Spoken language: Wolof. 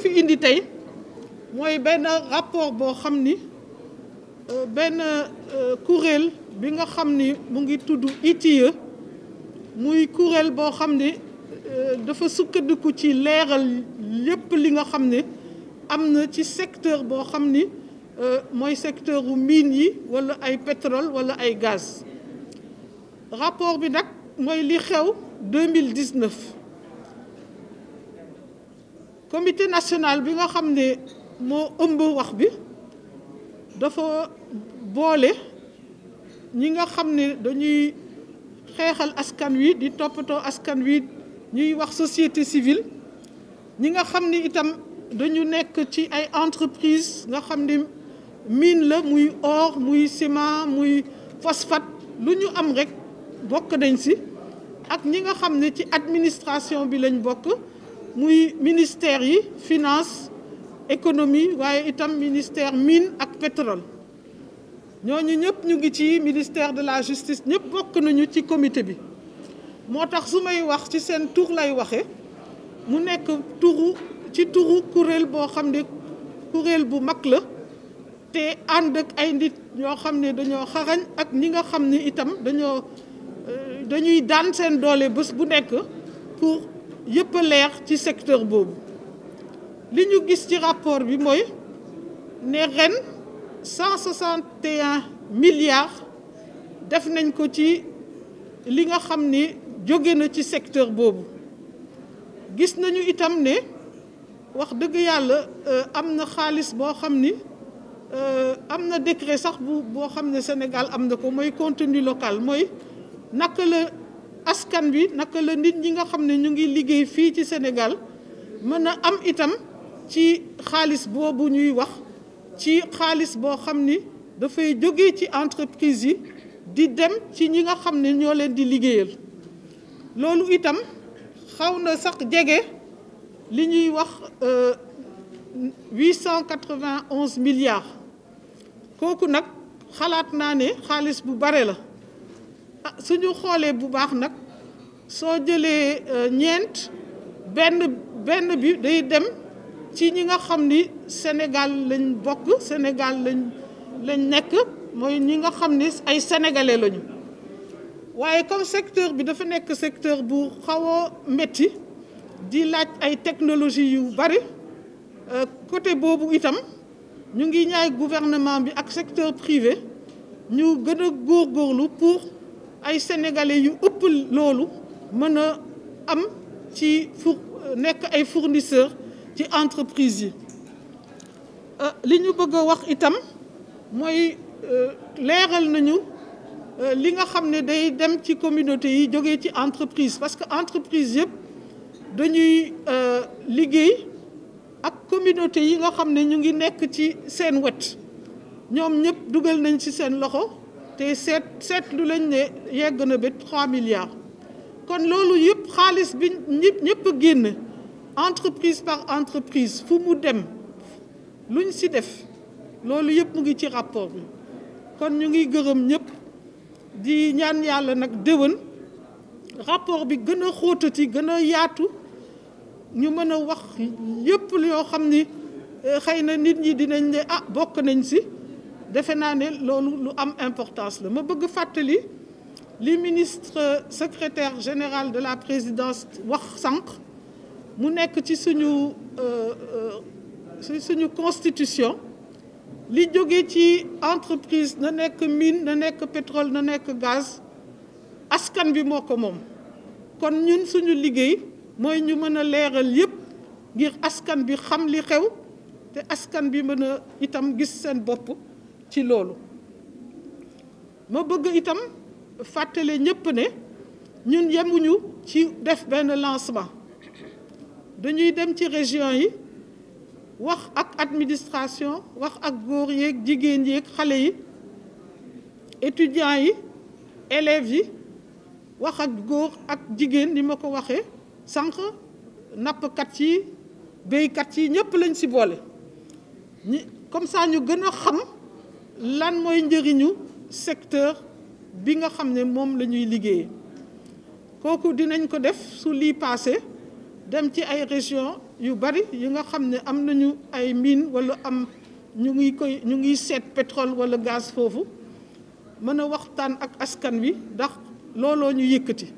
fi indi tey mooy benn rapport boo xam ni euh, benn euh, kuréel bi nga xam ni mu ngi tudd ITIE muy kuréel boo xam ni euh, dafa sukkandiku ci leeral lépp li nga xam ne am na ci secteur boo xam ni mooy secteur u mine yi walla ay pétrole walla ay gaz rapport bi nag mooy li xew 2019 commité national bi nga xam ne moo ëmb wax bi dafa boole ñi nga xam ne dañuy xeexal askan wi di toppatoo askan wi ñuy wax société civile ñi nga xam ni itam dañu nekk ci ay entreprise nga xam ni mine la muy or muy ciment muy phosphate lu ñu am rek bokk nañ si ak ñi nga xam ne ci administration bi lañ bokk muy ministère yi finance économie waaye itam ministère mine ak pétrole ñooñu ñëpp ñu ngi ci ministère de la justice ñëpp bokk nañu ci comité bi moo tax su may wax ci seen tur lay waxe mu nekk turu ci turu kuréel boo xam ne kuréel bu mag la te ànd ak ay nit ñoo xam ne dañoo xarañ ak ñi nga xam ne itam dañoo euh, dañuy daan seen doole bés bu nekk pour yëpp a leer ci secteur boobu li ñu gis ci rapport bi mooy ne ren cent soixante et un milliards def nañ ko ci li nga xam ni jóge na ci secteur boobu gis nañu itam ne wax dëgg yàlla euh, am na xaalis boo xam ni euh, am na décret sax bu boo xam ne Sénégal am na ko mooy contenu local mooy naka la askan bi naka la nit ñi nga xam ne ñu ngi liggéey fii ci Sénégal mën a am itam ci xaalis boobu ñuy wax ci xaalis boo xam ni dafay jóge ci entreprise yi di dem ci ñi nga xam ne ñoo leen di liggéeyal loolu itam xaw na sax jege li ñuy wax euh, huit cent quatre vingt milliards kooku nag xalaat naa ne xaalis bu bare la Ah, suñu xoolee bu baax nag soo jëlee euh, ñeent benn benn bi day dem ci ñi nga xam ni Sénégal lañ bokk Sénégal lañ lañ nekk mooy ñi nga xam ni ay sénégalais lañu waaye comme secteur bi dafa nekk secteur bu xaw a métti di laaj ay technologie yu bari euh, côté boobu itam ñu ngi ñaay gouvernement bi ak secteur privé ñu gën a góorgóorlu pour ay sénégalais yu ëpp loolu mën a am ci four nekk ay fournisseurs ci entreprise yi euh, li ñu bëgg a wax itam mooy euh, leeral nañu euh, li nga xam ne day dem ci communauté yi jóge ci entreprise parce que entreprise yëpp dañuy liggéey ak communauté yi nga xam ne ñu ngi nekk ci seen wet ñoom ñëpp dugal nañ ci seen loxo te seet seetlu lañ ne yegg na ba 3 milliards kon loolu yëpp xaalis bi ñëpp ñëpp génn entreprise par entreprise fu mu dem luñ si def loolu yëpp mu ngi ci rapport bi kon ñu ngi gërëm ñëpp di ñaan yàlla nag déwén rapport bi gën a xóotati gën a yaatu ñu mën a wax yëpp yoo xam ni eh, xëy na nit ñi dinañ ne ah bokk nañ si defe naa ne loolu lu am importance la ma bëgg fàttali li ministre secretaire général de la présidence wax sànq mu nekk ci suñu euh, euh, ci suñu constitution li jóge ci entreprise na nekk miine na nekk pétrole na nekk gaz askan bi moo ko moom kon ñun suñu liggéey mooy ñu mën a leeral yépp ngir askan bi xam li xew te askan bi mën a itam gis seen bopp ci loolu ma bëgg itam fàttale ñëpp ne ñun yemuñu ci def benn lancement dañuy dem ci région yi wax ak administration wax ak góor yeeg jigéen yeeg xale yi étudiants yi élèves yi wax ak góor ak jigéen ni ma ko waxee sànq nappkat yi béykat yi ñëpp lañ si boole comme saa ñu gën a xam lan mooy njëriñu secteur bi nga xam ne moom la ñuy liggéeyee kooku dinañ ko def su lii paase dem ci ay région yu bari yi nga xam ne am nañu ay mine walla am ñu ngi koy ñu ngi seet pétrole wala gaz foofu mën a waxtaan ak askan wi ndax looloo ñu yëkkati